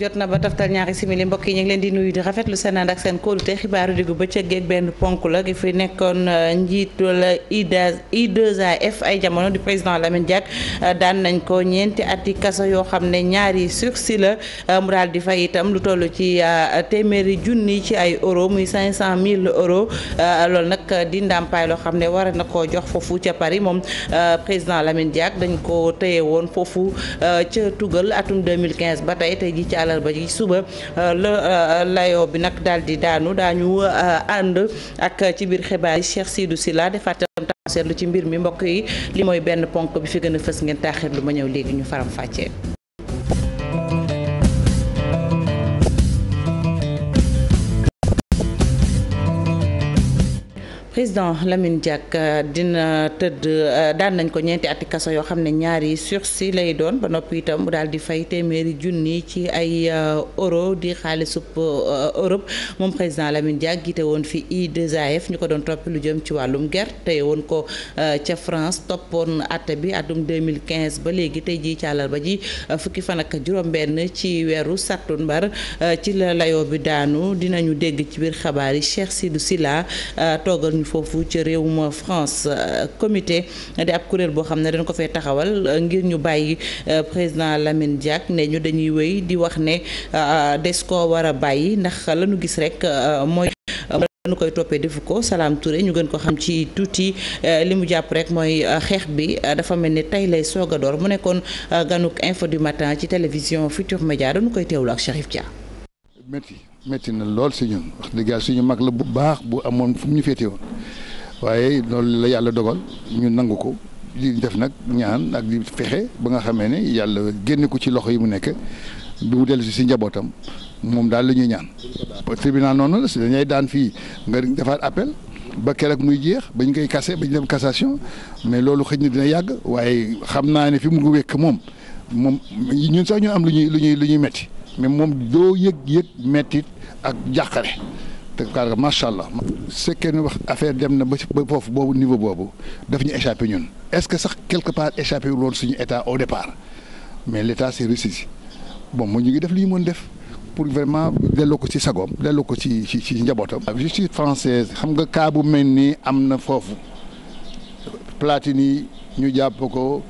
jot na ba taftal ñaari simili mbokk yi ñu ngi leen di nuyu di rafetlu seen ànd ak seen kóolute xibaaru diggu bëccëg ak benn ponk la gi fi nekkoon euh, njiitu la i ay jamono di président Lamine Diack euh, daan nañ ko ñeenti ati kaso yoo xam ne ñaari sursis la euh, mu daal di fay itam lu toll ci téeméeri junni ci ay euro muy 500000 euro loolu nag di ndàmpaay loo xam ne war na koo jox foofu ca Paris moom président Lamine Diack dañ ko téye woon foofu ca tugal atum 2015 ba tey tey ji ci àllarba ji suba euh, la euh, layoo bi nag daal di daanu daañu euh, ànd ak ci biir xibaar yi Cheikh Sidou Sylla defaat tam seetlu ci mbir mi mbokk yi li mooy benn ponk bi fi gën a fës ngeen taaxir lu ma ñëw léegi ñu faram fàccee président Lamine Diack euh, dina tëdd euh, daan nañ ko ñeenti ati kaso yoo xam ne ñaari si lay doon ba noppi itam mu daal di fay téeméeri junni ci ay euh, euro di xaalisub Europe moom président Lamine Diack gite woon fi I2AF ñu ko doon toppi lu jëm ci wàllum guerre teye woon ko ca France toppoon atte bi atum 2015 ba léegi tey jii ci ba ji fukki fan ak juróom-benn ci weeru sàttumbar ci la layo bi daanu dinañu dégg ci biir xabaar yi Cheikh Sidou Silla toogal ñu foofu ci réewum France comité di ab kuréel boo xam ne dañ ko fee taxawal euh, ngir ñu bàyyi euh, président Lamine Diack ne ñu dañuy wéy di wax ne euh, des ko war a bàyyi ndax lañu gis rek mooy nu koy toppee defu ko Salam Touré ñu gën ko xam ci tuuti li mu jàpp rek mooy xeex bi dafa mel ni tey lay soog a door mu nekkoon ganuk info du matin ci télévision Futur Média dañu koy teewlu ak Cherif Dia. métti na lool si ñun wax dëgg yàlla suñu mag la bu baax bu amoon fu mu ñu féete woon waaye loolu la yàlla dogal ñu nangu ko di def nag ñaan ak di fexe ba nga xamee ne yàlla génne ko ci loxo yi mu nekk bi mu dellu si si njabootam moom daal la ñuy ñaan. tribunal noonu la si dañay daan fii nga defaat appel. ba keroog muy jeex ba ñu koy kase ba ñu dem cassation mais loolu xëj na dina yàgg waaye xam naa ne fi mu wékk moom moom ñun sax ñu am lu ñuy lu ñuy lu ñuy métti. mais moom doo yëg-yëg mettit ak jàqare te kaar macha allah. su fekkee ne wax affaire dem na ba si foofu boobu niveau boobu daf ñu échappé ñun est-ce que sax quelque part échappé wu loon suñu état au départ mais l'état s'est ressaisi bon mu ñu ngi def li mën def. pour vraiment delloo ko ci sagoom delloo ko ci ci ci njabootam. justice française xam nga kaabu bu mel nii am na foofu Platini ñu jàpp ko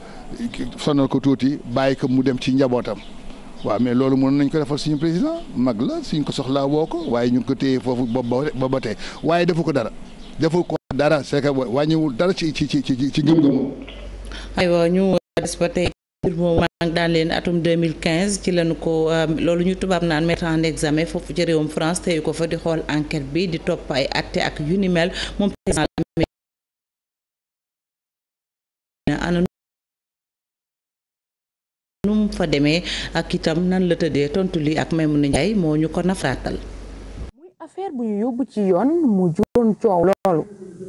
sonal ko tuuti bàyyi ko mu dem ci njabootam. waaw mais loolu mën nañ ko defal suñu président mag la suñ ko soxla woo ko waaye ñu ngi ko téye foofu boobu ba ba tey waaye defu ko dara defu ko dara c'est que wàññiwul dara ci ci ci ci gëm-gëm. aywa ñu des ba tey moom maa ngi daan leen atum 2015 ci lañu ko euh, loolu ñu tubaab naan mettre en examen foofu ci réewum France tey ko fa di xool enquête bi di topp ay acte ak yu ni mel moom président nu mu fa demee ak itam nan la tëddee tontu lii ak Maimouna Ndiaye moo ñu ko nafraatal muy affaire bu ñu yóbbu ci yoon mu juróon coow loolu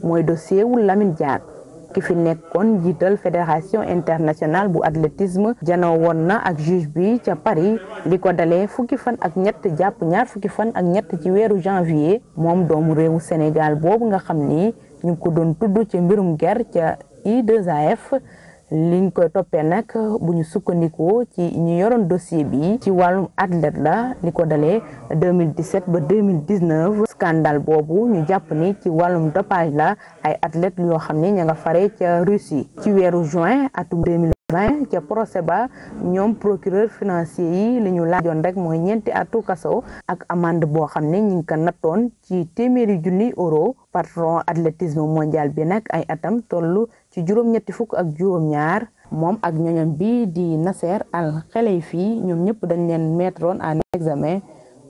mooy dossier wu Lamine Diack ki fi nekkoon jiital fédération internationale bu athlétisme janoo woon na ak juge bi ca Paris li ko dalee fukki fan ak ñett jàpp ñaar fukki fan ak ñett ci weeru janvier moom doomu réewu senegal boobu nga xam ni ñu ngi ko doon tudd ca mbirum guerre ca i liñ koy toppee nag bu ñu sukkandikoo ci ñu yoroon dossier bi ci wàllum athlète la li ko dalee 2017 ba 2019 scandale boobu ñu jàpp ni ci wàllum dopage la ay athlète yoo xam ne ña nga fare ca Russie ci weeru juin atum 2020 ca procès ba ñoom procureur financier yi li ñu laajoon rek mooy ñeenti atu kaso ak amande boo xam ne ñi ngi ko nattoon ci téeméeri junni euro patron athlétisme mondial bi nag ay atam tollu ci juróom-ñetti fukk ak juróom-ñaar moom ak ñoñam bi di Nasser al Khelaifi ñoom ñëpp dañ leen mettroon en examen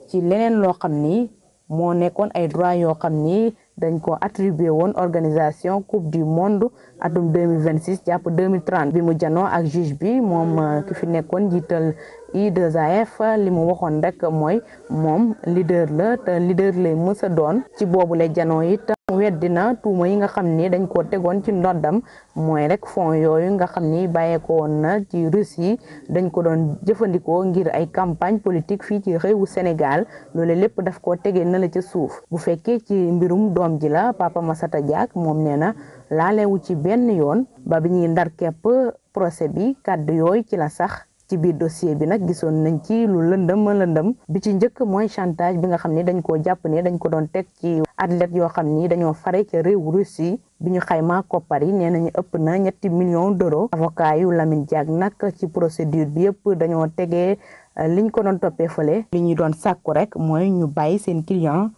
ci leneen loo xam ni moo nekkoon ay droit yoo xam ni dañ ko attribué woon organisation coupe du monde atum 2026 jàpp 2030 bi mu janoo ak juge bi moom euh, ki fi nekkoon jiital I2AF li mu waxoon rek mooy moom leader la te leader lay mës doon ci boobu la janoo it weddina tuuma yi nga xam ni dañ ko tegoon ci ndoddam mooy rek fonds yooyu nga xam ni bàyyeekoon na ci yi dañ ko doon jëfandikoo ngir ay campagne politique fii ci réewu Sénégal loolu lépp daf ko tegee na la ca suuf bu fekkee ci mbirum doom ji la Papa Massata Diack moom nee na laalewu ci benn yoon ba bi ñuy ndar kepp procès bi kàddu yooyu ci la sax ci biir dossier bi nag gisoon nañ ci lu lëndëm lëndëm bi ci njëkk mooy chantage bi nga xam ni dañ koo jàpp ne dañ ko doon teg ci athlètes yoo xam ni dañoo fare ca réew Russie bi ñu xaymaa koppar yi nee nañu ëpp na ñetti million d'euros avocat yu Lamine Diack nag ci procédure bi yëpp dañoo tegee euh, liñ ko doon toppee fële li ñu doon sàkku rek mooy ñu bàyyi seen client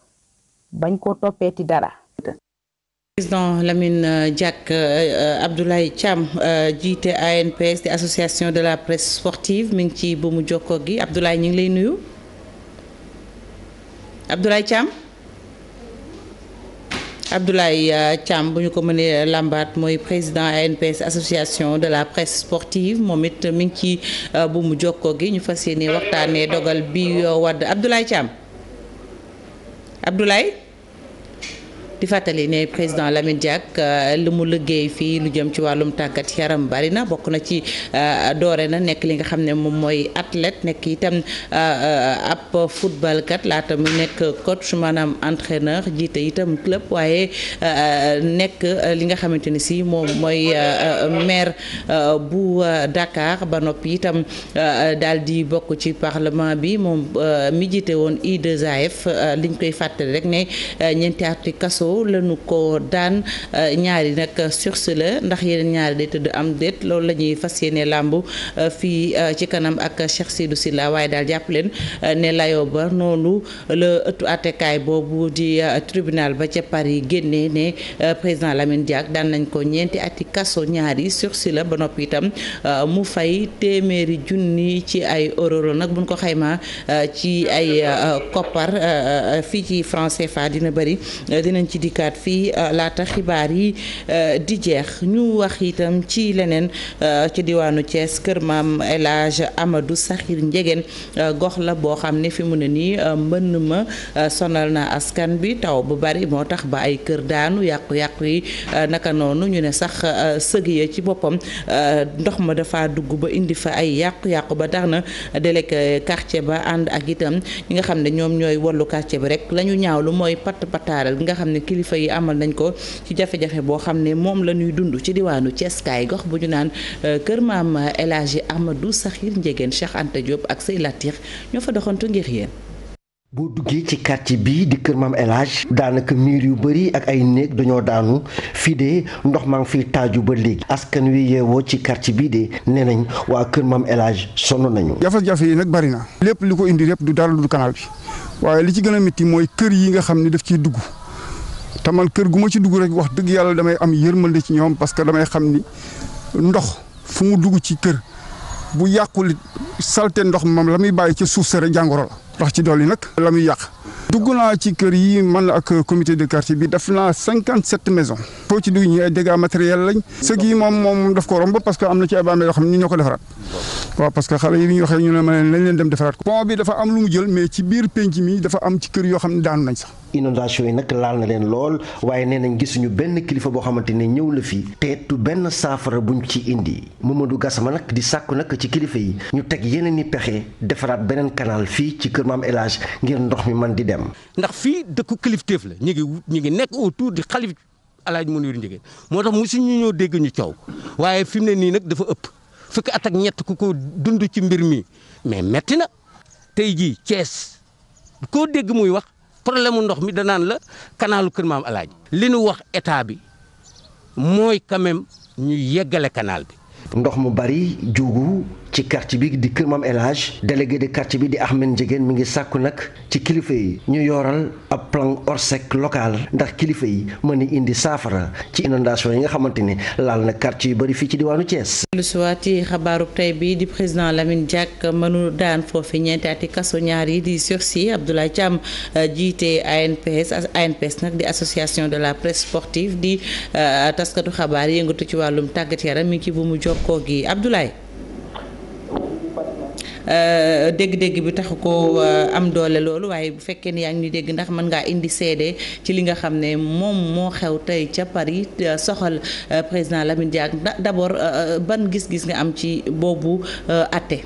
bañ ko toppee ti dara président Lamine euh, Diack euh, euh, Abdoulaye Thiam jiite ANPS di association de la presse sportive mi ngi ci bu mu jokkoo gi Abdoulaye ñu ngi lay nuyu Abdoulaye Thiam Abdoulaye Thiam bu ñu ko mënee làmbaat mooy président ANPS association de la presse sportive moom it mi ngi ci bu jokkoo gi ñu fas yéene waxtaanee dogal bi wadd Abdoulaye Thiam Abdoulaye di fàttali ne président Lamine Diack euh, li mu liggéey fii lu jëm ci wàllum tàggat yaram bari na bokk na ci euh, doore na nekk li nga xam ne moom mooy athlète nekk itam euh, ab football kat laata mu nekk coach maanaam entraîneur jiite itam club waaye nekk li nga xamante ni si moom mooy maire bu Dakar ba noppi itam daal di bokk ci parlement bi moom mi jiite woon I2AF liñ koy fàttali rek ne ñeenti ati kaso kaso lañu ko daan euh, ñaari nag sursis la ndax yeneen ñaari day tëdd am déet loolu la ñuy fas yéene làmb euh, fii euh, ci kanam ak Cheikh Sidou sila waaye daal jàpp leen ne layo ba noonu la ëttu àttekaay boobu di tribunal ba ca Paris génnee ne président Lamine Diack daan nañ ko ñeenti ati kaso ñaari sursis la ba noppi itam mu fay téeméeri junni ci ay euro loolu nag buñ ko xaymaa ci ay koppar fii ci franc CFA dina bëri dinañ ci dikkaat fii euh, laata xibaar yi euh, di jeex ñu wax itam ci leneen euh, ci diwaanu cees kër maam El amadu Amadou Sakhir Ndiéguène gox la boo xam ne fi mu ne nii mbënn ma sonal na askan bi taw bu bari moo tax ba ay kër daanu yàqu-yàqu yi naka noonu ñu ne sax sëg ya ci boppam ndox ma dafa dugg ba indi fa ay yàqu-yàqu ba tax na délégué quartier ba ànd ak itam ñi nga xam ne ñoom ñooy wallu quartier bi rek la ñu ñaawlu mooy patt pataaral gi nga xam ne kilifa yi amal nañ ko ci jafe-jafe boo xam ne moom la ñuy dund ci diwaanu Thiès gox bu ñu naan euh, kër maam El Hadji Amadou Sakhir Ndiéguène Cheikh Anta Diop ak Sey Latir ñoo fa doxantu ngir yéen. boo duggee ci quartier bii di Kër Maam El daanaka miir yu bëri ak ay néeg dañoo daanu fii de ndox maa ngi fiy taaju ba léegi askan wi yeewoo ci quartier bii de nee nañ waa Kër Maam El Hadj sonn nañu. jafe-jafe yi nag bëri na. lépp li ko indi lépp du dara du canal bi waaye li ci gën a mooy kër yi nga xam ne daf ciy dugg. te man kër gu ma ci dugg rek wax dëgg yàlla damay am yërmande ci ñoom parce que damay xam ni ndox fu mu dugg ci kër bu yàqulit salte ndox mam la muy bàyyi suuf sa jàngoro la rax ci dolli nag la muy yàq dugg naa ci kër yi man ak comité de quartier bi def naa cinquante sept maisons foo ci dugg ñi ay dégâts matériels lañ sëg moom moom daf ko romb parce que am na ci ay bàmmeel yoo xam ne ñu ñoo defaraat parce que xale yi ñu waxee ne ma leen nañ leen dem defaraat ko pont lu mu jël mais ci biir penc mi dafa am ci kër yoo xam ne daanu nañ sax inondation yi nag laal na leen lool waaye nee nañ gisuñu benn kilifa boo xamante ne ñëw la fi te benn saafara buñ ci indi Mamadou Gassama nag di sàkku nag ci kilifa yi ñu teg yeneen i pexe defaraat beneen canal fii ci kër maam El ngir ndox mi man di dem. ndax fii dëkku kilifteef la ñu ngi ñu ngi nekk autour di xalif El Hadj Mounirou Ndiéguène moo tax mosu ñu ñëw dégg ñu coow waaye fi ne nii nag dafa ëpp fukki at ak ñett ku ko dund ci mbir mi mais metti na tey jii Thiès koo dégg muy wax. problème mu ndox mi danaan la kanaalu Kër Maam Alaaji li nu wax état bi mooy quand même ñu yeggale kanaal bi. ndox mu bari jugu ci quartier bi di Kër Maam El Hadj délégué de quartier bi di Ahmed Ndiéguène mi ngi sàkku nag ci kilifa yi ñu yoral ab plan orsec local ndax kilifa yi mën a indi saafara ci inondation yi nga xamante ni laal na quartier yu bëri fii ci diwaanu Thiès. lu siwaat ci xabaarub tey bi di président Lamine Diack mënu daan foofu ñeenti ati kaso ñaar yi di sursis Abdoulaye Thiam euh, jiite ANPS ANPS nag di association de la presse sportive di euh, taskatu xabaar yëngatu ci wàllum tàggat yaram mi ngi ci bu mu jokkoo gi Abdoulaye. Euh, dégg-dégg bi taxu ko euh, am doole loolu waaye bu fekkee ne yaa ngi dégg ndax mën ngaa indi seede ci li nga xam ne moom moo xew tey ca Paris euh, soxal président lamin Lamine Diack d'abord ban gis-gis nga am ci boobu àtte.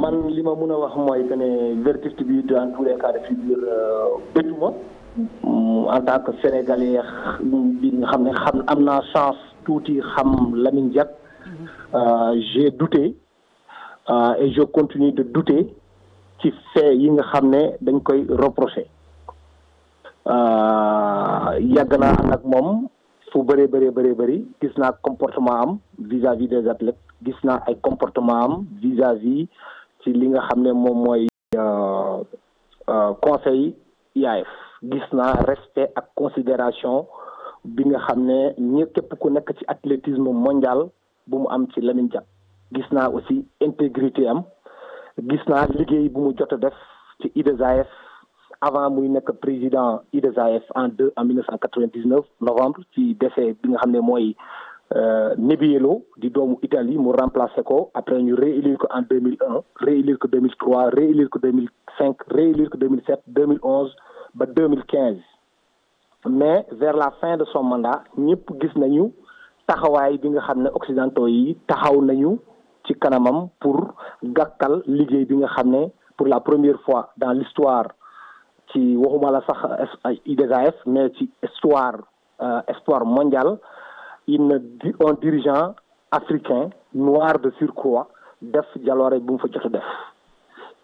man li ma mën a wax mooy que ne verdict bi dans tous les de figure bëtu mm, en tant que sénégalais nga xam ne xam am naa chance tuuti xam Lamine Diack mm-hmm. j'ai douté Euh, et je continue de douter ci fait yi nga xam ne dañ koy reprocher euh, yàgg naa ànd ak moom fu bëree bëree bëree bëri gis naa comportement am vis-à-vis des athlètes gis naa ay comportement am vis-à-vis ci li nga xam ne moom mooy euh, conseil IAAF gis naa respect ak considération bi nga xam ne ñi képp ku nekk ci athlétisme mondial bu mu am ci Lamine Diack gis naa aussi intégrité am gis naa liggéey bu mu jot def ci IDESAF avant muy nekk président IDESAF en deux en 1999 novembre ci décès bi nga xam ne mooy euh, Nebbiolo di doomu Italie mu remplacé ko après ñu réélire ko en mille 2001 réélire ko 2003 réélire ko 2005 réélire ko 2007 2011 ba 2015 mais vers la fin de son mandat ñëpp gis nañu taxawaay bi nga xam ne occidentaux yi taxaw nañu. ci kanamam pour gàkkal liggéey bi nga xam ne pour la première fois dans l'histoire ci waxuma la sax IDGAF mais ci histoire euh, histoire mondiale une un dirigeant africain noir de surcroît def jaloore bu mu fa jot def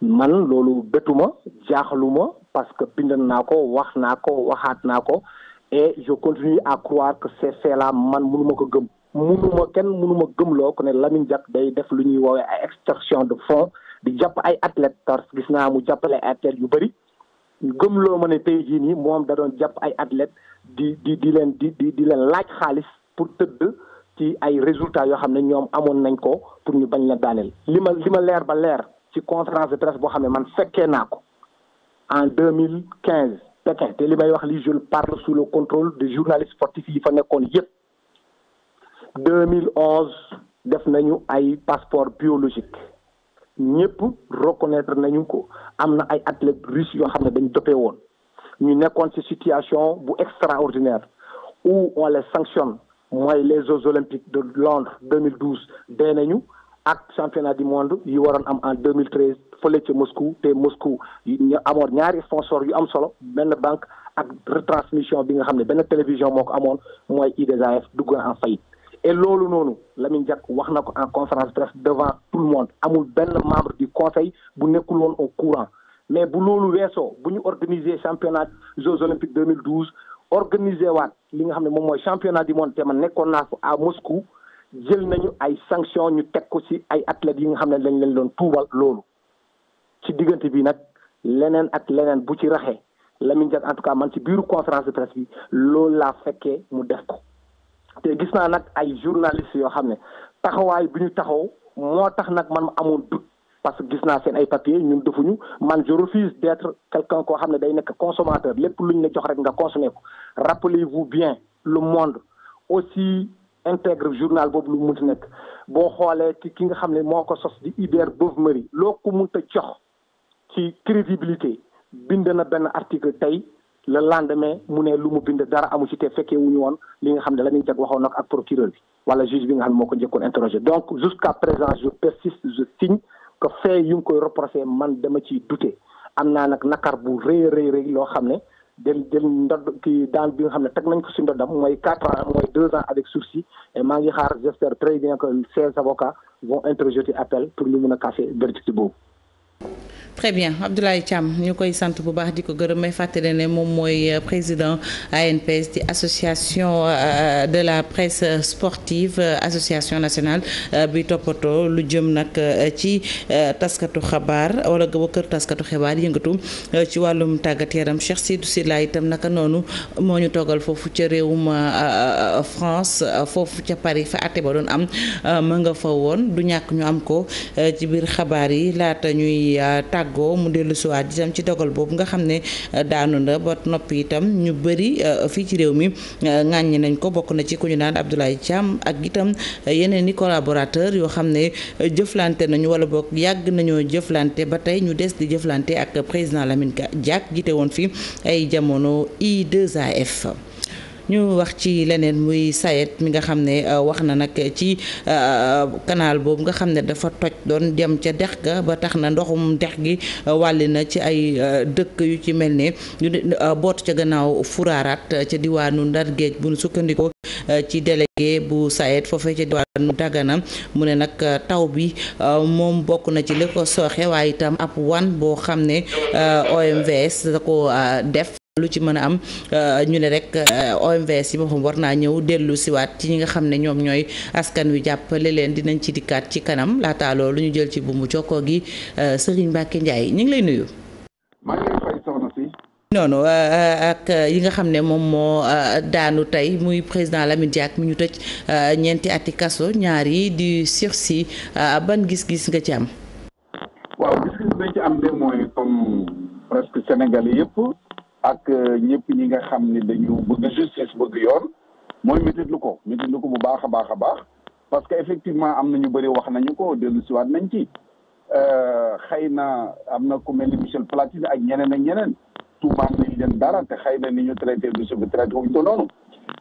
man loolu bétuma jaaxaluma parce que bind naa ko wax naa ko waxaat naa ko et je continue à croire que ces faits man mënuma ko gëm munuma kenn munuma gëmloo ko ne Lamine Diack day def lu ñuy woowee ay extorsion de fonds di jàpp ay athlètes parce que gis naa mu jàppale ay athlètes yu bëri gëmloo ma ne tey jii nii moom da jàpp ay athlètes di di di leen di di di leen laaj xaalis pour tëdd ci ay résultat yoo xam ne ñoom amoon nañ ko pour ñu bañ la daaneel. li ma li ma leer ba leer ci conférence de presse boo xam ne man fekkee naa ko en deux mille quinze Pékin te li may wax li je parle su le contrôle de journalistes sportifs yi fa nekkoon yëpp. mille 2011 def nañu ay passeport biologique ñëpp reconnaître nañu ko am na ay athlètes russes yoo xam ne dañ dopé woon ñu nekkoon ci situation bu extraordinaire où on les sanctionne mooy les Jeux olympiques de Londres 2012 dee nañu ak championnat du monde yi waroon am en deux 2013 fële ca Moscou te Moscou ñu amoon ñaari sponsor yu am solo benn banque ak retransmission bi nga xam ne benn télévision moo ko amoon mooy IDSAF dugg en faillite et loolu noonu Lamine Diack wax na ko en conférence presse devant tout le monde amul benn membre du conseil bu nekkul woon au courant mais bu loolu weesoo bu ñu organiser championnat Jeux olympiques 2012 organiser waat li nga xam ne moom mooy championnat du monde te man nekkoon naa ko à Moscou jël nañu ay sanctions ñu teg ko ci ay athlètes yi nga xam ne dañ lañ doon tuubal loolu ci diggante bi nag leneen ak leneen bu ci raxee Lamine Diack en tout cas man ci biiru conférence de presse loolu laa fekkee mu def ko. te gis naa nag ay journalistes yoo xam ne taxawaay bi ñu taxaw moo tax nag man ma amoon doute parce que gis naa seen ay papier ñun defuñu man je refuse d' être quelqu'un koo xam ne day nekk consommateur lépp ñu la jox rek nga consommé ko rappelez-vous bien le monde aussi integre journal boobu lu mu munti nekk boo xoolee ci ki nga xam ne moo ko sos di Hubert Beuve-Méry loo ko munta jox ci crédibilité bind na benn article tey le lendemain mu ne lu mu bind dara amu ci te fekkee wuñu woon li nga xam ne la ñuy jag waxoon nag ak procureur bi wala juge bi nga xam ne moo ko njëkkoon interroger donc jusqu'à présent je persiste je signe que fait yu koy reproché man dama ci douter am naa nag nakar bu rëy rëy rëy loo xam ne del del ndodd kii daan bi nga xam ne teg nañ ko si ndoddam mooy quatre ans mooy deux ans avec sursis et maa ngi xaar j'espère très bien que ces avocats vont interjeter appel pour ñu mun a casser verdict boobu très bien Abdoulaye Thiam ñu koy sant bu baax di ko gërëm may fàttali ne moom mooy euh, président ANPS di association euh, euh, de la presse sportive association nationale bi toppatoo lu jëm nag ci taskatu xabaar wala ba kër taskatu xibaar yëngatu ci wàllum tàggat yaram Cheikh Sidou Sylla itam naka noonu moo ñu toogal foofu ca réewum France foofu ca Paris fa àtte ba doon am ma fa woon du ñàkk ñu am ko ci biir xabaar yi laata ñuy tàgg tàggoo mu dellu siwaat itam ci dogal boobu nga xam ne euh, daanu na ba noppi itam ñu bëri euh, fii ci réew mi euh, ŋàññi nañ ko bokk na ci ku ñu naan Abdoulaye Thiam ak itam yeneen i collaborateur yoo xam ne jëflante nañu wala boog yàgg nañoo jëflante ba tey ñu des di jëflante ak président Lamine Diack jiite woon fi ay jamono i 2 ñu wax ci leneen muy sayet mi nga xam ne euh, wax na nag ci euh, canal boobu nga xam ne dafa toj doon dem ca dex ga ba tax na ndoxum dex gi euh, wàlli na ci ay dëkk yu ci mel ne ñu boot ca gannaaw furaaraat ca diwaanu Ndar géej bu nu sukkandikoo ci délégué bu sayet foofee ca diwaanu Dagana mu ne nag taw bi moom bokk na ci li ko sooxe waaye itam ab wan boo xam ne OMVS da ko def lu ci mën a am euh, ñu ne rek euh, OMVS yi boppam war naa ñëw dellu siwaat ci ñi nga xam ne ñoom ñooy askan wi jàppale leen dinañ ci dikkaat ci kanam laataaloo lu ñu jël ci buumu jokkoo gi euh, Serigne Mbacke Ndiaye ñu ngi lay nuyu. noonu ak yi nga xam ne moom moo daanu tey muy président Lamine Diack mu ñu tëj ñeenti ati ñaar yi di sursis ban gis-gis nga ci am. waaw gis-gis nga ci am de mooy comme presque Sénégal yëpp. ak euh, ñëpp ñi nga xam ne dañu bëgg justice bëgg yoon mooy métitlu ko métitlu ko bu baax a baax a baax parce que effectivement am na ñu bëri wax nañu ko dellu siwaat nañ ci euh, xëy na am na ku mel ni Michel Platini ak ñeneen ak ñeneen tuumaan nañ leen dara te xëy na ni ñu traité dossier bi traité wuñ ko noonu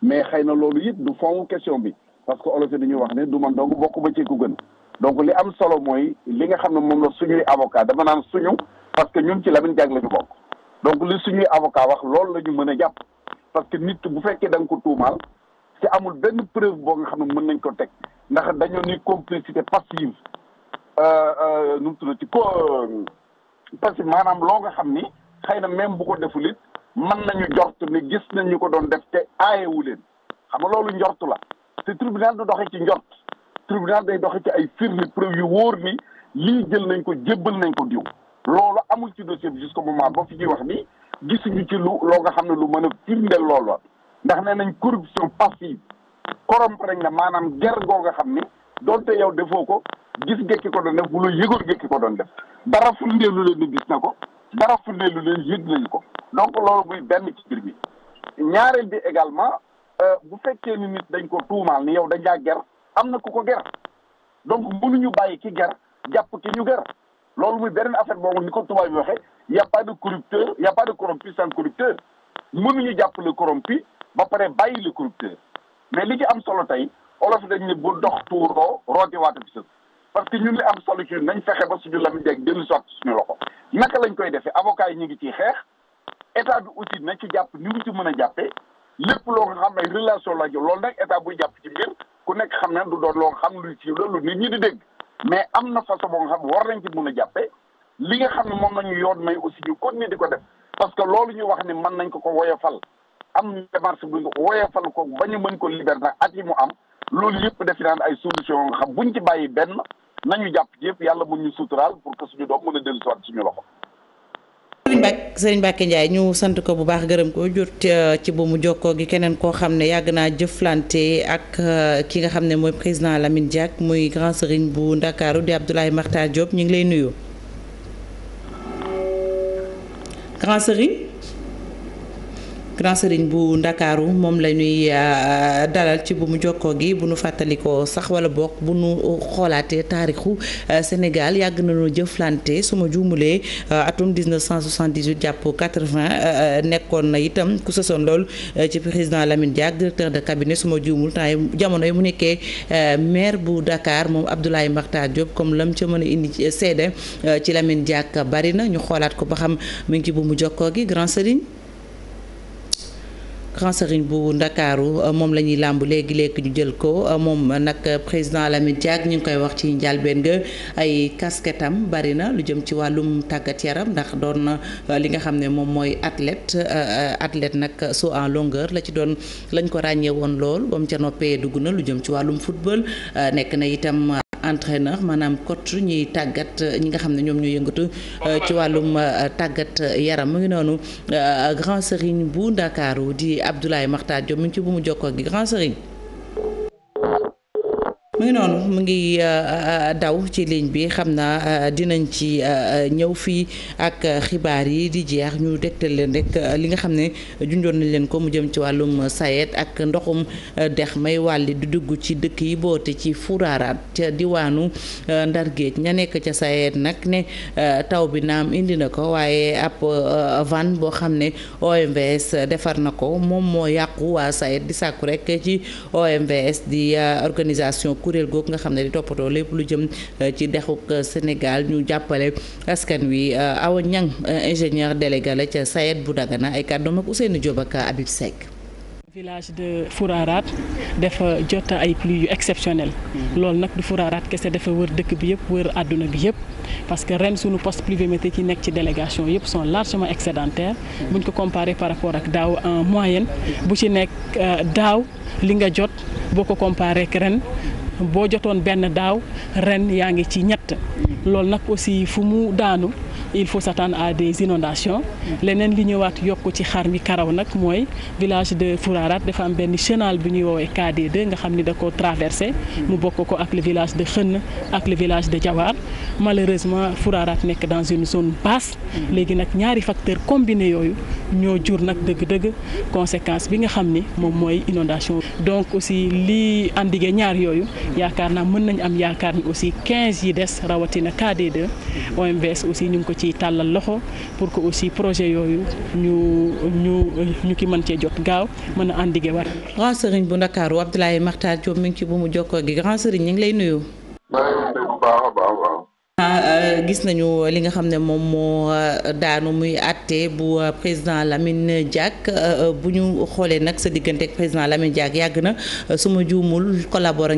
mais xëy na loolu it du fond question bi parce que olof yi dañuy wax ne du man donc bokk ba ci ku gën donc li am solo mooy li nga xam ne moom la suñuy avocat dama naan suñu parce que ñun ci Lamine Diack la ñu bokk donc li suñuy avocat wax loolu la ñu mën a jàpp parce que nit bu fekkee da ko tuumaal te amul benn preuve boo nga xam ne mën nañ ko teg ndax dañoo ni complicité passive euh, euh, nu mu tudd ci ko passive maanaam loo nga xam ni xëy na même bu ko deful it mën nañu njort ni gis nañ ñu ko doon def te aayewu leen xam nga loolu njort la te tribunal du doxee ci njort tribunal day doxe ci ay firnde preuve yu wóor ni lii jël nañ ko jébbal nañ ko diw loolu amul ci dossier bi jusqu'au moment ba fi ñuy wax ni gisuñu ci lu loo nga xam ne lu mën a firndeel loolu ndax nee nañ corruption passive corrompre rek na maanaam ger goo nga xam ni donte yow defoo ko gis gekki ko doon def bu la yëgoon gekki ko doon def dara firndeelu leen ni gis na ko dara firndeelu leen yëg nañ ko donc loolu muy benn ci bi ñaareel bi également euh, bu fekkee ni nit dañ ko tuumaal ni yow dañ laa ger am na ku ko ger donc mënuñu bàyyi ki ger jàpp ki loolu muy beneen affaire boobu ni ko tubaab yi waxee y' a pas de corrupteur y' a pas de corrompu sans corrupteur mënuñu jàpp le corrompu ba pare bàyyi le corrupteur mais li ci am solo tey olof dañ ne bu dox tuuroo rooti waata fi sëf parce que ñun li am solo ci nañ fexe ba suñu lami deeg dellu soit suñu loxo naka lañ koy defee avocat yi ñu ngi ciy xeex état bi aussi nañ ci jàpp ni ngi ci mën a jàppee lépp loo nga xam ne relation la loolu nag état buy jàpp ci mbir ku xam ne du doon loo nga xam ci loolu nit ñi di dégg mais am na façon boo nga xam war nañ ci mun a jàppee li nga xam ne moom nañu yoon may aussi ñu continuer di ko def parce que loolu ñu wax ni mën nañ ko ko woyofal am démarche bu ñu ko woyofal ko ba ñu mën ko libérer nag at yi mu am loolu yëpp defi naan ay solution nga xam buñ ci bàyyi benn nañu jàpp ci yëpp yàlla mun ñu suturaal pour que suñu doom mën a dellu si suñu loxo Serigne Mbacke Serigne Mbacke Ndiaye ñu sant ko bu baax gërëm ko jur ci euh, bu mu jokkoo gi keneen koo xam ne yàgg naa jëflante ak euh, ki nga xam ne mooy président Lamine Diack muy grand serigne bu Ndakaaru di Abdoulaye Makhtar Diop ñu ngi lay nuyu. grand serigne grand serigne bu ndakaaru moom la ñuy euh, dalal ci bu mu jokkoo gi bu nu fàttalikoo sax wala bokk bu nu xoolaatee taarixu euh, Sénégal yàgg na nañu jëflante su ma juumulee euh, atum 1978 jàpp 80 nekkoon na itam ku sosoon lool ci président Lamine Diack directeur de cabinet su ma juumul temps jamono yi mu nekkee maire bu Dakar moom Abdoulaye Makhtar Diop comme lam ca mën a indi seede ci Lamine Diack bari na ñu xoolaat ko ba xam mu ngi ci bu mu jokkoo gi grand serigne Grand bu Ndakaaru euh, moom la ñuy làmb léegi léegi ñu jël ko euh, moom nag euh, président Lamine Diack ñu ngi koy wax ci njàlbeen nga ay casquette am bari na lu jëm ci wàllum tàggat yaram ndax doon na li nga xam ne moom mooy athlète athlète nag saut en longueur la ci doon lañ ko ràññee woon lool ba ca noppee dugg na lu jëm ci wàllum football nekk na itam. entraîneur maanaam coach ñuy tàggat euh, ñi nga xam ne ñoom ñooy yëngatu euh, ci wàllum euh, tàggat yaram mu ngi noonu grand serigne bu ndakaaru di Abdoulaye Makhtar Diop mi ngi ci bu mu jokkoo gi grand serigne mu ngi noonu mu ngi euh, euh, daw ci ligne bi xam naa euh, dinañ ci ñëw fii ak xibaar yi di jeex ñu degte leen rek li nga xam ne junjoon nañ leen ko mu jëm ci wàllum sayet ak ndoxum dex may wàlli di dugg ci dëkk yi boote ci furaaraat ca diwaanu ndar ña nekk ca sayet nag ne taw bi naam indi na ko waaye ab van boo xam ne OMVS defar na ko moom moo yàqu waa sayet di sàkku rek ci ombs di organisation kuréel googu nga xam ne di toppatoo lépp lu jëm euh, ci dexuk euh, Sénégal ñu jàppale euh, askan wi Awa Niang ingénieur délégué la ca SAED bu Dagana ay kàddoom ak Ousseynou Diop ak Habib Seck. village de Fourarat dafa jot ay pluies yu exceptionnelles hmm. loolu nag du Fourarat kese dafa wër dëkk bi yëpp wër àdduna bi yëpp parce que ren sunu poste pluviométrique yi nekk ci délégation yëpp sont largement excédentaires hmm. buñ ko comparé par rapport ak daaw en moyenne bu ci nekk daaw li nga boo jotoon benn daaw ren yaa ngi ci ñett loolu nag aussi fu mu daanu il faut s'attendre à des inondations leneen li ñëwaat yokk ci xar mi karaw nag mooy village de Fourarat dafa am benn chenal bi ñuy woowee KD2 nga xam ni da ko traversé mu bokk ko ak le village de Xën ak le village de Diawar malheureusement Fourarat nekk dans une zone basse léegi nag ñaari facteur combinés yooyu ñoo jur nag dëgg-dëgg conséquence bi nga xam ni moom mooy inondation donc aussi lii andige ñaar yooyu yaakaar naa mën nañ am yaakaar ni aussi 15 yi des rawatina kd ombs aussi ñu ngi ko ciy tàllal loxo pour que aussi projet yooyu ñu ñu ñu ki mën cee jot gaaw mën a andige war Grand Serigne bu Ndakaaru Abdoulaye Makhtar Diop mi ngi ci bu mu jokkoo gi Grand ñu ngi lay nuyu. gis nañu li nga xam ne moom moo euh, daanu muy àtte bu euh, président Lamine Diack euh, bu ñu xoolee nag sa diggante ak président Lamine Diack yàgg na su ma juumul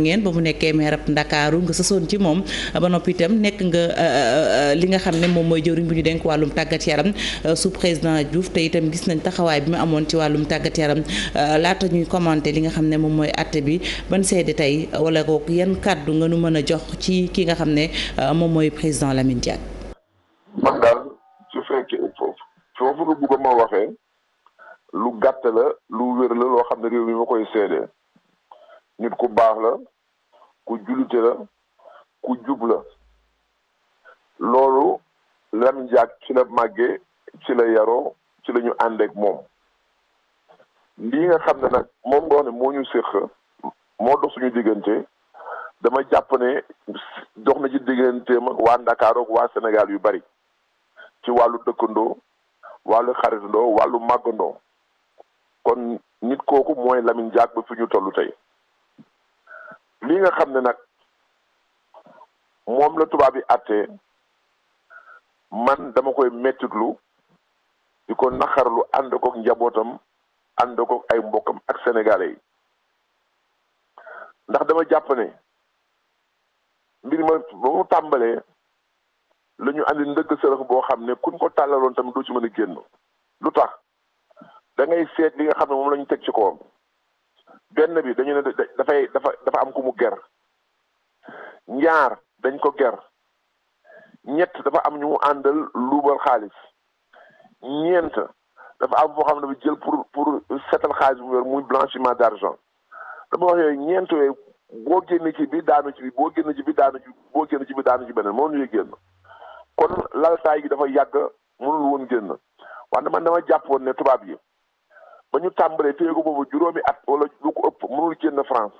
ngeen ba mu nekkee maire Ndakaaru nga sësoon ci moom ba noppi nekk nga li nga xam ne moom mooy jëwriñ bu dénk wàllum tàggat yaram su président Diouf te itam gis nañ taxawaay bi mu amoon ci wàllum tàggat laata ñuy commenté li nga xam ne moom mooy àtte bi ban seede tey wala ko yan kàddu nga nu mën a jox ci ki nga xam ne moom mooy président Lamine Lamine Diack. man daal su fekkee foofu foofu nga bëgg ma waxee lu gàtt la lu wér la loo xam ne réew mi ma koy seede nit ku baax la ku julite la ku jub la loolu Lamine Diack ci la màggee ci la yaroo ci lañu ñu moom lii nga xam ne nag moom nga wax ne moo ñu séq moo dox suñu diggante dama jàpp ne dox na ci digganteem waa Ndakaar ak waa Sénégal yu bari ci wàllu dëkkandoo wàllu xaritandoo wàllu màggandoo kon nit kooku mooy Lamine Diack ba fi ñu tollu tey lii nga xam ne nag moom la tubaab yi àttee man dama koy mettitlu di ko naqarlu ànd kook njabootam ànd kook ay mbokkam ak sénégalais yi ndax dama jàpp mbir ma ba mu tàmbalee la ñu andi ndëgg sërëx boo xam ne kuñ ko tàllaloon tamit doo ci mën a génn lu tax dangay seet li nga xam ne moom lañu teg ci kawam benn bi dañu ne dafay dafa dafa am ku mu ger ñaar dañ ko ger ñett dafa am ñu mu àndal luubal xaalis ñeent dafa am foo xam ne dafa jël pour pour seetal xaalis bu wér muy blanchiment d'argent dama wax yooyu ñeent yooyu boo génn ci bi daanu ci bi boo génn ci bi daanu ci boo génn ci bi daanu ci beneen moom ñuy génn kon laltaay gi dafa yàgg mënul woon génn wante man dama jàpp woon ne tubaab yi ba ñu tàmbalee téye ko boobu juróomi at wala lu ko ëpp mënul génn France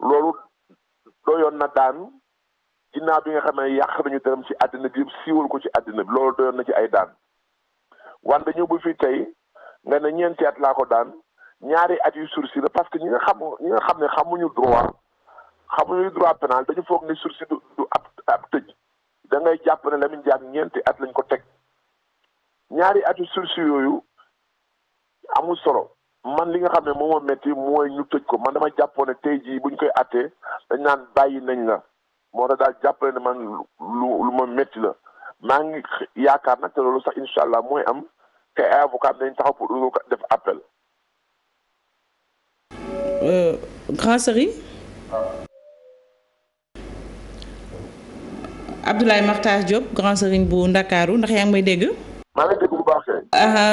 loolu doyoon na daan ginnaaw bi nga xam ne yàq nañu dem ci àddina bi yëpp siiwal ko ci àddina bi loolu doyoon na ci ay daan wante ñëw bu fii tey nga ne ñeenti at laa ko daan ñaari at yu sursis parce que ñi nga xam ñi nga xam ne xamuñu droit xamuñu droit pénal dañu foog ni sursis du du ab ab tëj da ngay jàpp ne Lamine ñeenti at lañ ko teg ñaari at yu sursis yooyu amul solo man li nga xam ne moom moo métti mooy ñu tëj ko man dama jàppoon ne tey jii buñ koy attee dañ naan bàyyi nañ la moo tax daal jàppale ne man lu lu ma métti la maa ngi yaakaar na te loolu sax incha allah mooy am te ay avocat dañ taxaw pour def appel. Euh, Grand Serigne Abdoulaye Makhtar Diop Grand Serigne bu Ndakaaru ndax yaa ngi may dégg. maa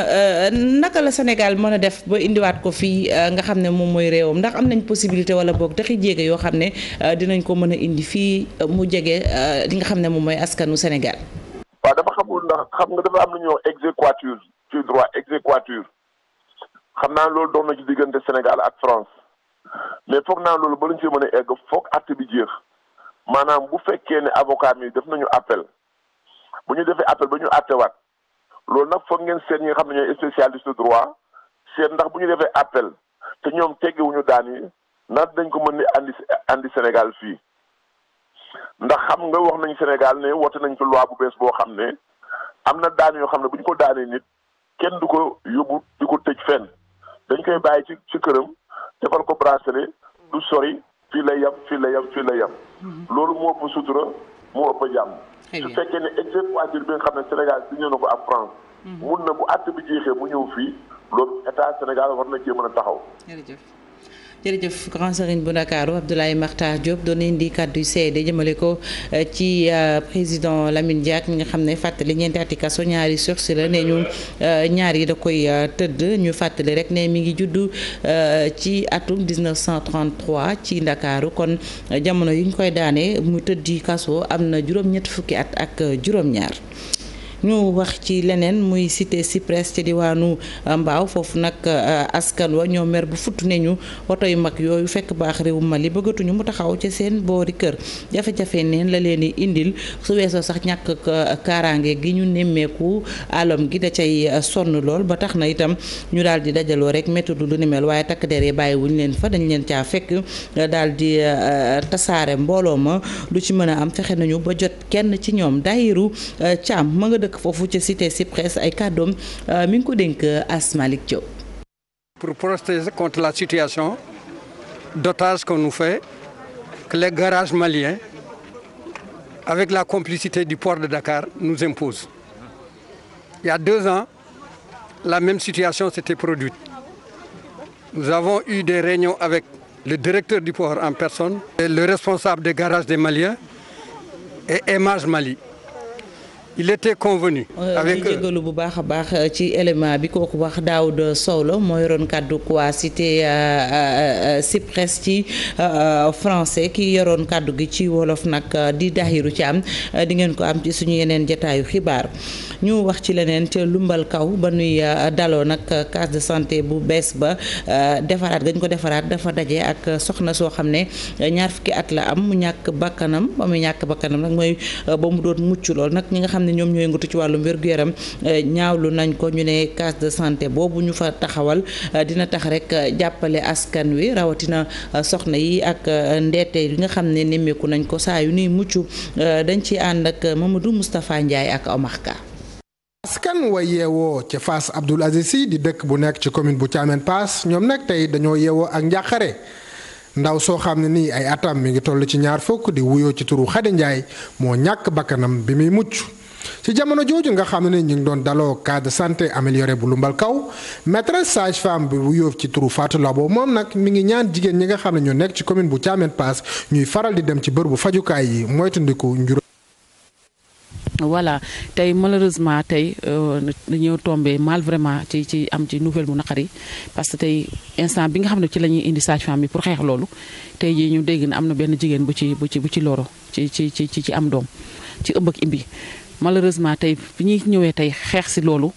euh, naka la Sénégal mën a def ba indiwaat ko fii euh, nga xam ne moom mooy réewam ndax am nañ possibilité wala boog taxi jéege yoo xam ne dinañ ko mën a indi fii mu jege li nga xam ne moom mooy askanu Sénégal. waaw dama xamul ndax xam nga dafa am lu ñuy wax exéquature ci droit exéquature xam naa loolu doon na diggante Sénégal ak France. mais foog naa loolu ba lañ ci mën a egg foog acte bi jeex maanaam bu fekkee ne avocat mii def nañu appel bu ñu defee appel ba ñu àttewaat loolu nag foog ngeen seet ñi nga xam ne ñooy spécialiste de droit seet ndax bu ñu defee appel te ñoom teggiwuñu daan yi ndax dañ ko mën ni andi andi Sénégal fii ndax xam nga wax nañ Sénégal ne woote nañ ko loi bu bees boo xam ne am na daan yoo xam ne bu ñu ko daanee nit kenn du ko yóbbu du ko tëj fenn dañ koy bàyyi ci ci këram defal ko bracelet du sori fii la yam fii la yam fii la yam mhm. loolu moo ëpp sutura moo ëpp jàmm su fekkee ne exequatur bi nga xam ne Sénégal si ñëw na ko ak France mhm. mun na bu àtt bi jeexee mu ñëw fii loolu état Sénégal war na cee mën taxaw jërëjëf grand serigne bu Ndakaaru Abdoulaye Makhtar Diop doon indi kàddu seede jëmale ko euh, ci euh, président Lamine Diack mi nga xam ne fàttali ñeenti ati kaso ñaari sursis la ne ñu euh, ñaar yi da koy tëdd ñu fàttali rek ne mi ngi juddu ci atum 1933 ci Ndakaaru kon jamono yi ñu koy daane mu tëddi kaso am na juróom-ñett fukki at ak juróom-ñaar. ñu wax ci leneen muy cité Cyprès ci diwaanu euh, Mbaaw foofu nag euh, askan wa ñoo mer bu futt ne ñu oto yu mag yooyu fekk baax réewu Mali bëggatuñu mu taxaw ci seen boori kër jafe-jafe neen la leen di indil su weesoo sax ñàkk euh, kaaraange gi ñu nemmeeku alam gi da cay sonn lool ba tax na itam ñu daal di dajaloo rek méthode lu ni waaye takk der yi bàyyiwuñ leen fa dañ leen caa fekk daal di tasaare mbooloo ma lu ci mën a am fexe nañu ba jot kenn ci ñoom nekk foofu ca cité Cyprès ay kàddoom euh, mi ngi ko dénk euh, Asmalik Diop. pour protester contre la situation d'otage qu'on nous fait que les garages maliens avec la complicité du port de Dakar nous imposent. Il y a deux ans, la même situation s'était produite. Nous avons eu des réunions avec le directeur du port en personne, et le responsable des garages des Maliens et Image Mali. il était convenu. Euh, bu baax a baax euh, ci élément bi kooku wax Daouda Sow la moo yoroon kàddu waa cité euh, Cyprès ci français ki yoroon kàddu gi ci wolof nag di Dahiru Thiam di ngeen ko am ci suñu yeneen jataayu xibaar ñu wax ci leneen ca lumbal kaw ba nuy daloo nag case de santé bu bees ba defaraat gañ ko defaraat dafa daje ak soxna soo xam ne ñaar fukki at la am mu ñàkk bakkanam ba muy ñàkk bakkanam nag mooy ba mu doon mucc lool nag ñi nga xam ne ñoom ñooy ngutu ci wàllu wér yaram eh, ñaawlu nañ ko ñu ne case de santé boobu ñu fa taxawal eh, dina tax rek eh, jàppale askan wi rawatina soxna yi ak ndeete yi nga xam ne nemmeeku nañ ko saa yu nuy mucc dañ ci ànd ak Mamadou Moustapha Ndiaye ak Omar Ka askan wa yeewoo ca Fass Abdoul Aziz di dëkk bu nekk ci commune bu Thiamène Pass ñoom nag tey dañoo yeewoo ak njàqare ndaw soo xam ne ni ay atam mi ngi toll ci ñaar fukk di wuyoo ci turu Xadi Njaay moo ñàkk bakkanam bi muy mucc ci jamono jooju nga xam ne ñu ngi doon daloo cas de santé amélioré bu lumbal kaw maîtresse sage femme bu yóof ci turu Fatou Labo moom nag mi ngi ñaan jigéen ñi nga xam ne ñoo nekk ci commune bu Thiamène Pass ñuy faral di dem ci bërëbu fajukaay yi moytandiku njur. voilà tey malheureusement tey euh, ñëw tombé mal vraiment ci ci am ci nouvelle bu naqari parce que tey instant bi nga xam ne ci la ñuy indi sage-femme bi pour xeex loolu tey jii ñu dégg na am na benn jigéen bu ci bu ci bu ci loro ci ci ci ci am doom ci ëmb ak malheureusement tey fi ñuy ñëwee tey xeex si loolu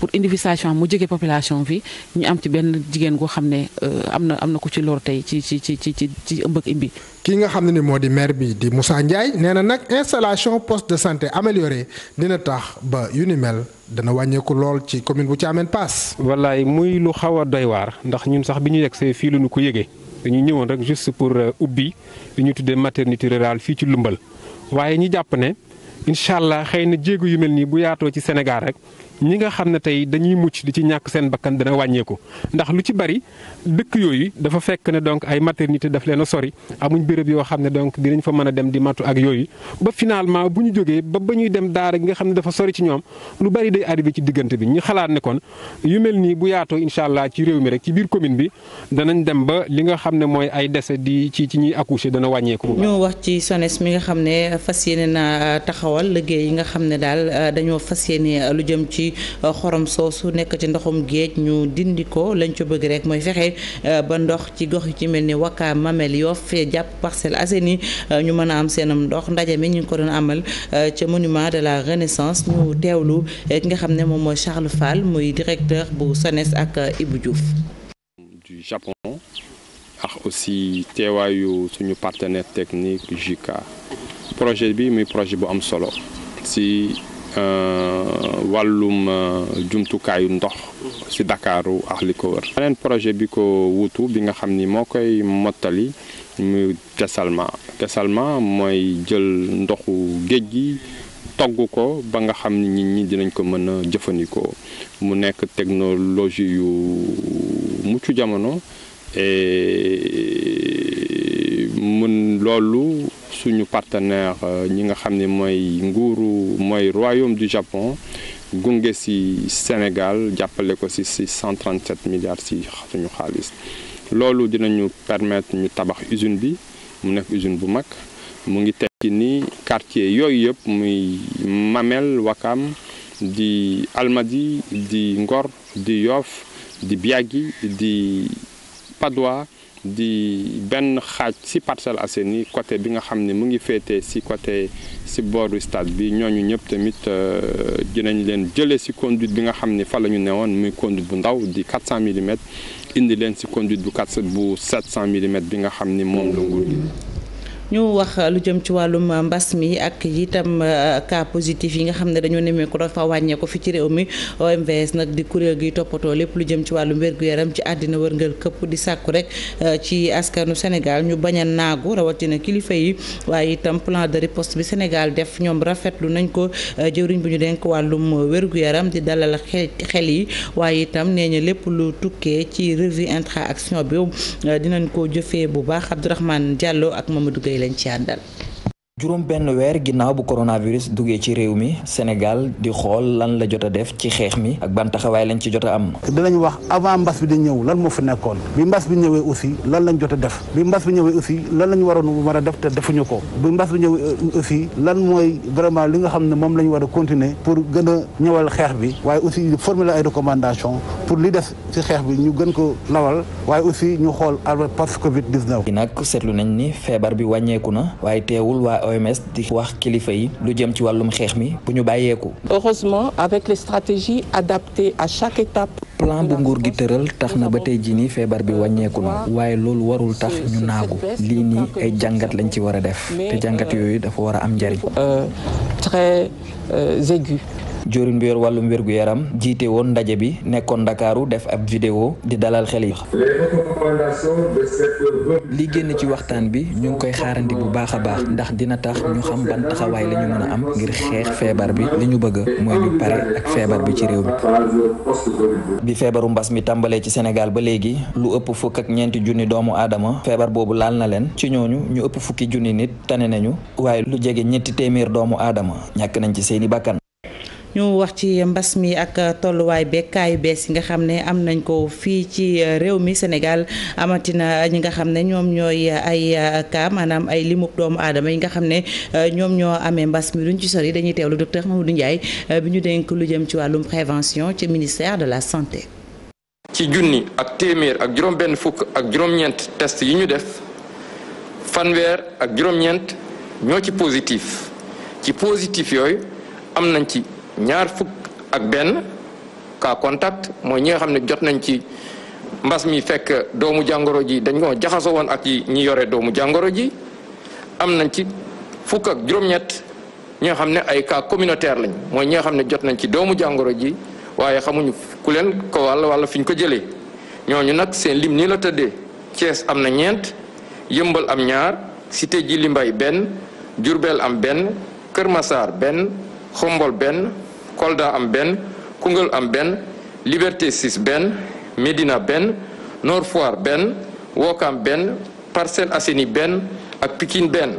pour individuation mu jege population bi ñu am ci benn jigéen goo xam ne euh, am na am na ko ci lor tey ci ci ci ci ci ëmb ak imbi. kii nga xam ne ni moo di maire bi di Moussa Ndiaye nee na nag installation poste de santé amélioré dina tax ba yu ni mel dana wàññeeku lool ci commune bu ci Thiamène Pass. wallaay muy lu xaw a doy waar ndax ñun sax bi ñu yegsee fii lu ñu ko yëgee dañu ñëwoon rek juste pour euh, ubbi li ñu tuddee maternité rurale fii ci Lumbal incha allah xëy na jéego yu mel nii bu yaatoo ci Sénégal rek ñi nga xam ne tey dañuy mucc di ci ñàkk seen bakkan dana wàññeeku ndax lu ci bari dëkk yooyu dafa fekk ne donc ay maternité daf leen a sori amuñ béréb yoo xam ne donc dinañ fa mën a dem di matu ak yooyu ba finalement bu ñu jógee ba ba ñuy dem daara gi nga xam ne dafa sori ci ñoom lu bari day arrivé ci diggante bi ñu xalaat ne kon yu mel nii bu yaatoo incha allah ci réew mi rek ci biir commune bi danañ dem ba li nga xam ne mooy ay décès di ci ci ñuy accoucher dana wàññeeku. ñoo wax ci SONES mi nga xam ne fas yéene na taxawal liggéey yi nga xam ne daal dañoo fas yéene lu jëm ci ci euh, xorom soosu nekk ci ndoxum géej ñu dindi ko lañ ca bëgg rek mooy fexe euh, ba ndox ci gox yu ci mel ni Waka Mamel Yoff jàpp parcelle Assainies euh, ñu mën a am seenam ndox ndaje mi ñu ko doon amal ca monument de la renaissance ñu teewlu ki nga xam ne moom mooy Charles Fall muy directeur bu SONES ak Ibou Diouf. du Japon ak aussi teewaayu suñu partenaire technique JICA projet bi muy projet bu am solo si. Euh, wàllum euh, jumtukaayu ndox ci dakaaru ak li ko wër beneen projet bi ko wutu bi nga xam ni moo koy mottali muy Gessalma Gessalma mooy jël ndoxu géej gi togg ko ba nga xam ni nit ñi dinañ ko mën a jëfandikoo mu nekk technologie yu mucc jamono et mën loolu suñu partenaire euh, ñi nga xam ni mooy nguuru mooy royaume du Japon gunge ci Sénégal jàppale ko ci ci 137 milliards ci suñu xaalis loolu dinañu permettre ñu tabax usine bi mu nekk usine bu mag mu ngi tekki ni quartier yooyu yëpp muy Mamel Wakam di Almadi di Ngor di yoof di Biagi di Padoa di benn xaaj ci Parcelles Assainies côté bi nga xam ni mu ngi féetee ci côté ci booru stade bi ñooñu ñëpp tamit euh, dinañ leen jëlee ci conduite bi nga xam ni fa la ñu newoon muy conduite bu ndaw di 400 millimètres indi leen ci conduite bu 4 bu 700 millimètres bi nga xam ni moom la nguur gi ñu wax lu jëm ci wàllum mbas mi ak itam euh, cas positif yi nga xam ne dañoo nemmeeku dafa wàññeeku fi ci réew mi ombs nag di kuréel gi toppatoo lépp lu jëm ci wàllum wér yaram ci àddina wërngël këpp di sàkku rek euh, ci askanu Sénégal ñu bañ a naagu rawatina kilifa yi waaye itam plan de riposte bi Sénégal def ñoom rafetlu nañ ko euh, jëwriñ bu ñu denk wàllum wér yaram di dalal xel yi waaye itam nee lépp lu tukkee ci revue intra action bi dinañ ko jëfee bu baax Abdourahmane Diallo ak Mamadou Gueye yi lañ ci àndal juróom benn weer ginnaaw bu coronavirus duggee ci réew mi Sénégal di xool lan la jot a def ci xeex mi ak ban taxawaay lañ ci jot a am dinañ wax avant mbas bi di ñëw lan moo fi nekkoon bi mbas bi ñëwee aussi lan lañ jot def bi mbas bi ñëwee aussi lan lañ waroon war a def te ko bi mbas bi ñëwee euh, aussi lan mooy vraiment li nga xam ne moom la ñu war a continuer pour gën a ñëwal xeex bi waaye aussi formuler ay recommandations pour li des ci xeex bi ñu gën ko lawal waaye aussi ñu xool avec post covid 19 nag seetlu nañ ni feebar bi wàññeeku na OMS di wax kilifa yi lu jëm ci wàllum xeex mi bu ñu bàyyeeku. heureusement avec les stratégies adaptées à chaque étape. plan bu nguur gi tëral tax na ba tey jii nii feebar bi wàññeeku na waaye loolu warul tax ñu naagu lii nii ay jàngat lañ ci war a def te jàngat euh, yooyu dafa war a am njariñ. Euh, euh, jëwriñ bi yor wàllum wérgu yaram jiite woon ndaje bi nekkoon ndakaaru def ab vidéo di dalal xel yi. li génn ci waxtaan bi ñu ngi koy xaarandi bu baax a baax ndax dina tax ñu xam ban taxawaay la mën a am ngir xeex feebar bi li ñu bëgg mooy ñu pare ak feebar bi ci réew mi. bi feebaru mbas mi tàmbalee ci senegal ba léegi lu ëpp fukk ak ñeenti junni doomu aadama feebar boobu laal na leen ci ñooñu ñu ëpp fukki junni nit tane nañu waaye lu jege ñetti téeméer doomu aadama ñàkk nañ ci seeni bakkan. ñu wax ci mbas mi ak tolluwaay bekkaayu bees yi nga xam ne am nañ ko fii ci euh, réew mi Sénégal amatina ñi nga xam ne ñoom ñooy ay euh, cas maanaam ay limub doomu aadama yi nga xam ne euh, ñoom ñoo amee mbas mi duñ ci sori dañuy teewlu docteur Mamadou Ndiaye bi ñu dénk lu jëm ci wàllum prévention ci ministère de la santé. ci junni ak téeméer ak juróom-benn fukk ak juróom-ñeent test yi ñu def fanweer ak juróom-ñeent ñoo ci positif ci positif yooyu am nañ ci. ñaar fukk ak benn cas contact mooy ñi nga xam ne jot nañ ci mbas mi fekk doomu jàngoro ji dañoo jaxasoo woon ak yi ñi yore doomu jàngoro ji am nañ ci fukk ak juróom-ñett ñi xam ne ay ka communautaire lañ mooy ñi nga xam ne jot nañ ci doomu jàngoro ji waaye xamuñu ku leen ko wàll walla fi ñu ko jëlee ñooñu nag seen lim nii la tëddee Thiès am na ñeent Yëmbal am ñaar Cité Djily Mbaye benn Diourbel am benn Kër Massar benn Xombol benn Kolda am benn Koungheul am benn Liberté 6 benn Médina benn Nord Foire benn Wokam benn Parcelles Assainies benn ak Pikine benn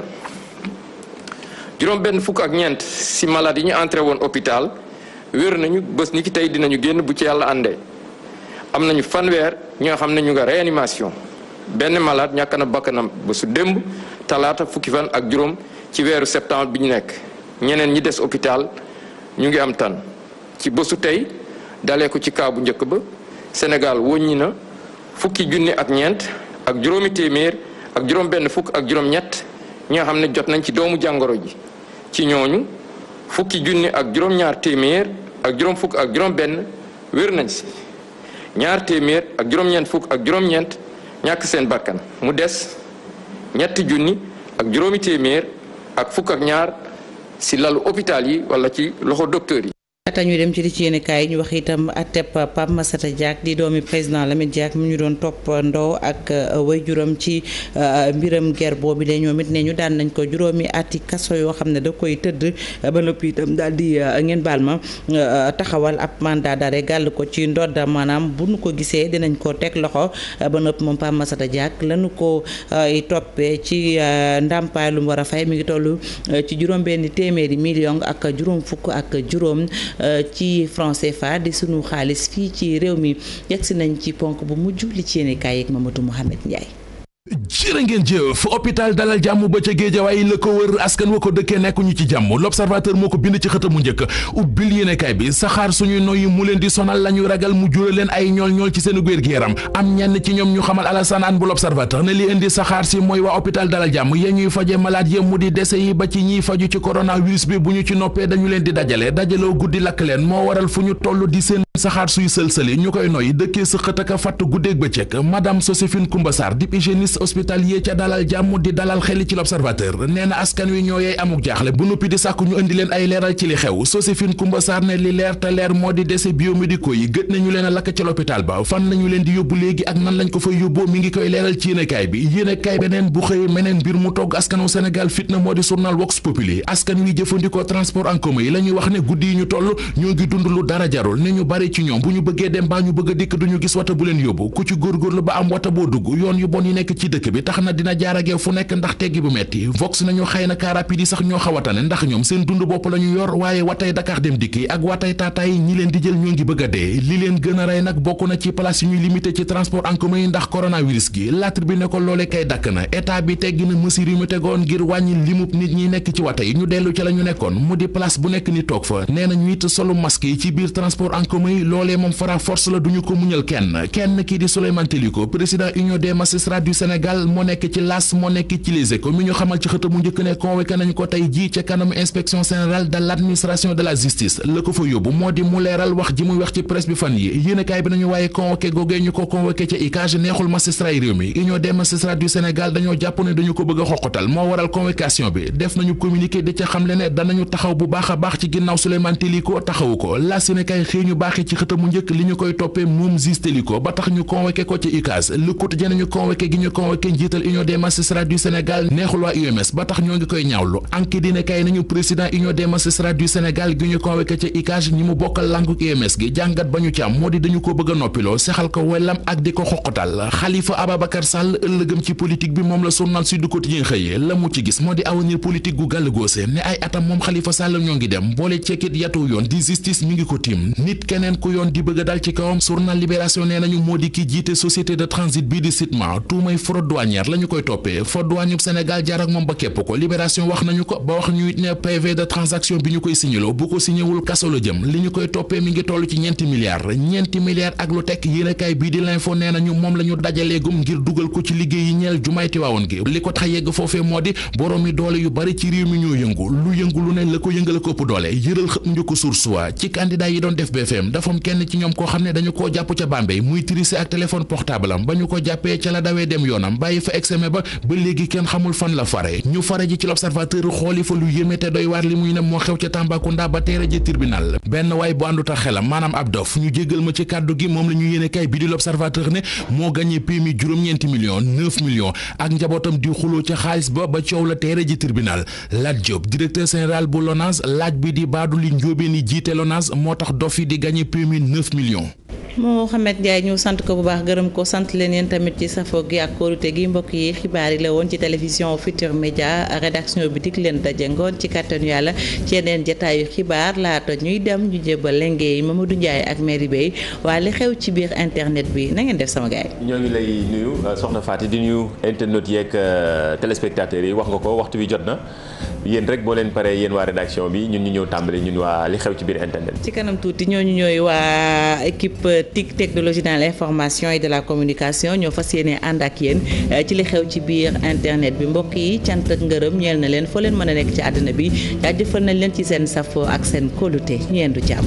juróom benn fukk ak ñeent si malade yi ñu entré woon hôpital wér nañu bës ni ki tey dinañu génn bu ci yàlla àndee am nañu fanweer ñoo xam nañu ñu nga réanimation benn malade ñàkk na bakkanam bésu démb talaata fukki fan ak juróom ci weeru septembre bi ñu nekk ñeneen ñi des hôpital ñu ngi am tan ci bësu tey dalee ko ci kaa bu njëkk ba Sénégal wëññi na fukki junni ak ñeent ak juróomi téeméer ak juróom benn fukk ak juróom ñett xam ne jot nañ ci doomu jàngoro ji ci ñooñu fukki junni ak juróom ñaar téeméer ak juróom fukk ak juróom benn nañ si ñaar ak juróom-ñeent fukk ak juróom-ñeent ñàkk seen bakkan mu des ñetti junni ak juróomi téeméer ak fukk ak ñaar si lalu hôpital yi wala ci loxo docteur yi ata ñuy dem ci li ci yéen kaay yi ñu wax itam atep Pape Massata Diack di doomi président Lamine Diack mu ñu doon topp ndoo way euh, waajuram ci euh, mbiram ger bi de ñoom it ne ñu daan nañ ko juróomi ati kaso yoo xam ne da koy tëdd euh, ba noppi itam dal di ngeen baal ma taxawal ab mandat d'arrêt gàll ko ci ndodda maanaam bu nu ko gisee dinañ ko teg loxo ba noppi moom Pape Massata Diack lanu ko toppee ci ndàmpaay lu mu war a fay mi ngi toll ci juróom benn téeméeri million ak juróom fukk Euh, ci franc CFA di sunu xaalis fii ci réew mi yegsi nañ ci ponk bu mujj li ci yéene kaay yeeg Mamadou Mouhamed Ndiaye. jërë ngeen jëf hôpital dalal jàmm ba ca géejawaay la ko wër askan wa ko dëkkee nekk ñu ci jàmm l'observateur moo ko bind ci xët mu njëkk ubbil yéenekaay bi saxaar suñu noyyi mu leen di sonal la ñu ragal mu jural leen ay ñool ñool ci seen wér gi yaram am ñenn ci ñoom ñu xamal Alassane Anne bu l'observateur ne li indi saxaar si mooy waa hôpital dalal jàmm ya ñuy faje malade ya mu di dese yi ba ci ñiy faju ci coronavirus bi bu ñu ci noppee dañu leen di dajale dajaloo guddi lakk leen moo waral fu ñu toll di seen saxaar suy sëlsëli ñu koy noyyi dëkkee sa xët ak a fàtt guddeeg bëccëg madame Joséphine complexe hospitalier ca dalal jàmm di dalal xel ci l'observateur nee na askan wi ñoo yey amuk jaaxle bu noppi di sàkku ñu indi leen ay leeral ci li xew Joséphine Koumba Sarr ne li leer te leer moo di décès biomédicaux yi gët nañu leen lakk ca l'hôpital ba fan nañu leen di yóbbu léegi ak nan lañ ko fay yóbboo mi ngi koy leeral ci yéenekaay bi yéenekaay beneen bu xëyee meneen mbir mu togg askanu Sénégal fitna moo di journal Vox Populi askan wi jëfandikoo transport en commun yi la ñuy wax ne guddi yi ñu toll ñoo ngi dund lu dara jarul ne ñu bari ci ñoom bu ñu bëggee dem baa ñu bëgg a dikk duñu gis wata bu leen yóbbu ku ci góorgóorlu ba am wata boo dugg ci dëkk bi tax na dina jaar fu nekk ndax teggi bu metti vox nañu xëy na car sax ñoo xaw a tane ndax ñoom seen dund bopp la yor waaye watay Dakar dem dikk yi ak watay Tata ñi leen di jël ñoo ngi bëgg a dee li leen gën a rey nag bokk na ci place yu ñuy limité ci transport en yi ndax coronavirus gi laatr bi ne ko kay dakk na état bi teggi na mesure yi mu tegoon ngir wàññi limub nit ñi nekk ci wata ñu dellu ci la nekkoon mu di Sénégal moo nekk ci las moo nekk ci les mi ñu xamal ci xëta mu njëkk ne convoqué nañ ko tey jii ca kanam inspection générale de administration de la justice la ko fa yóbbu moo di mu wax ji muy wax ci presse bi fan yi yéenekaay bi nañu waaye convoqué googee ñu ko convoqué ca ICAJ neexul magistrat yi réew mi union des magistrats du Sénégal dañoo jàpp dañu ko bëgg a moo waral convocation bi def nañu communiqué di ca xamle ne danañu a convoqué njiital union des magistrats Sénégal neexul waa UMS ba tax ñoo ngi koy ñaawlu anki dina kay nañu président union des magistrats Sénégal gi ñu convoqué ca ICAJ ñi mu bokkal làngu UMS gi jàngat ba ñu ci moo di dañu ko bëgg a noppiloo sexal ko wellam ak di ko xoqatal Khalifa Ababacar Sall ëllëgam ci politique bi moom la journal Sud Quotidien xëyee la mu ci gis moo di avenir politique gu gàllgoose ne ay atam moom Khalifa Sall ñoo ngi dem a dal ci fraude douanière la ñu koy toppee moom ba képp ko libération wax nañu ko ba wax ñu ne PV de transaction bi ñu koy signaloo bu ko signewul kaso jëm li ñu koy toppee mi ngi toll ci ñeenti milliards ak lu tekk yéenekaay bii di l'info nee nañu moom la dajaleegum ngir dugal ko ci liggéey yi ñeel jumaay Tiwaawoon gi li ko tax yegg foofee moo di boroomi doole yu bari ci réew mi ñoo yëngu lu yëngu lu ne la ko yëngal ko ëpp doole yëral xëpp njëkk koo ne dañu koo jàpp ñu ko jàppee yoonam bàyyi fa examen ba ba léegi kenn xamul fan la fare ñu fare ji ci l'observateur xooli fa lu yéeme te doy waar li muy ne moo xew ca Tambacounda ba teere ji tribunal benn waay bu àndut ak xelam maanaam ab dof ñu jéggal ma ci kàddu gi moom la ñu yéene kay bi di l'observateur ne moo gagné pémi juróom-ñeenti millions 9 millions ak njabootam di xuloo ca xaalis ba ba coow la teere ji tribunal Lat Diop directeur général bu LONASE laaj bi di baadu li njóobeen yi jiite LONASE moo tax dof yi di gagné pémi 9 millions Mouhamed Ndiaye ñu sant ko bu baax gërëm ko sant leen tamit ci safo gi ak kóolute gi mbokk yi xibaar yi la woon ci télévision Futur Média rédaction bi dig leen daje ngoon ci kàttanu yàlla ci yeneen jataayu xibaar laata ñuy dem ñu jébbal lengee Mamadou Ndiaye ak Mary Bey waa li xew ci biir internet bi na ngeen def sama gaay ñoo ngi lay nuyu soxna Faty di nuyu internet yeeg euh, téléspectateurs yi wax nga ko waxtu wi jot na. yéen rek boo leen paree yéen waa rédaction bi ñun ñu ñëw tàmbali ñun waa li xew ci biir internet. ci kanam tuuti ñooñu ñooy waa équipe TIC technologie dans l'information yi de la communication ñoo fa yéene ànd ak yéen eh, ci li xew ci biir internet bi mbokk yi cant ak ngërëm ñeel na leen foo leen mën a nekk ci àddina bi jaajëfal nañ leen ci seen safo ak seen kóolute ñeendu jàmm.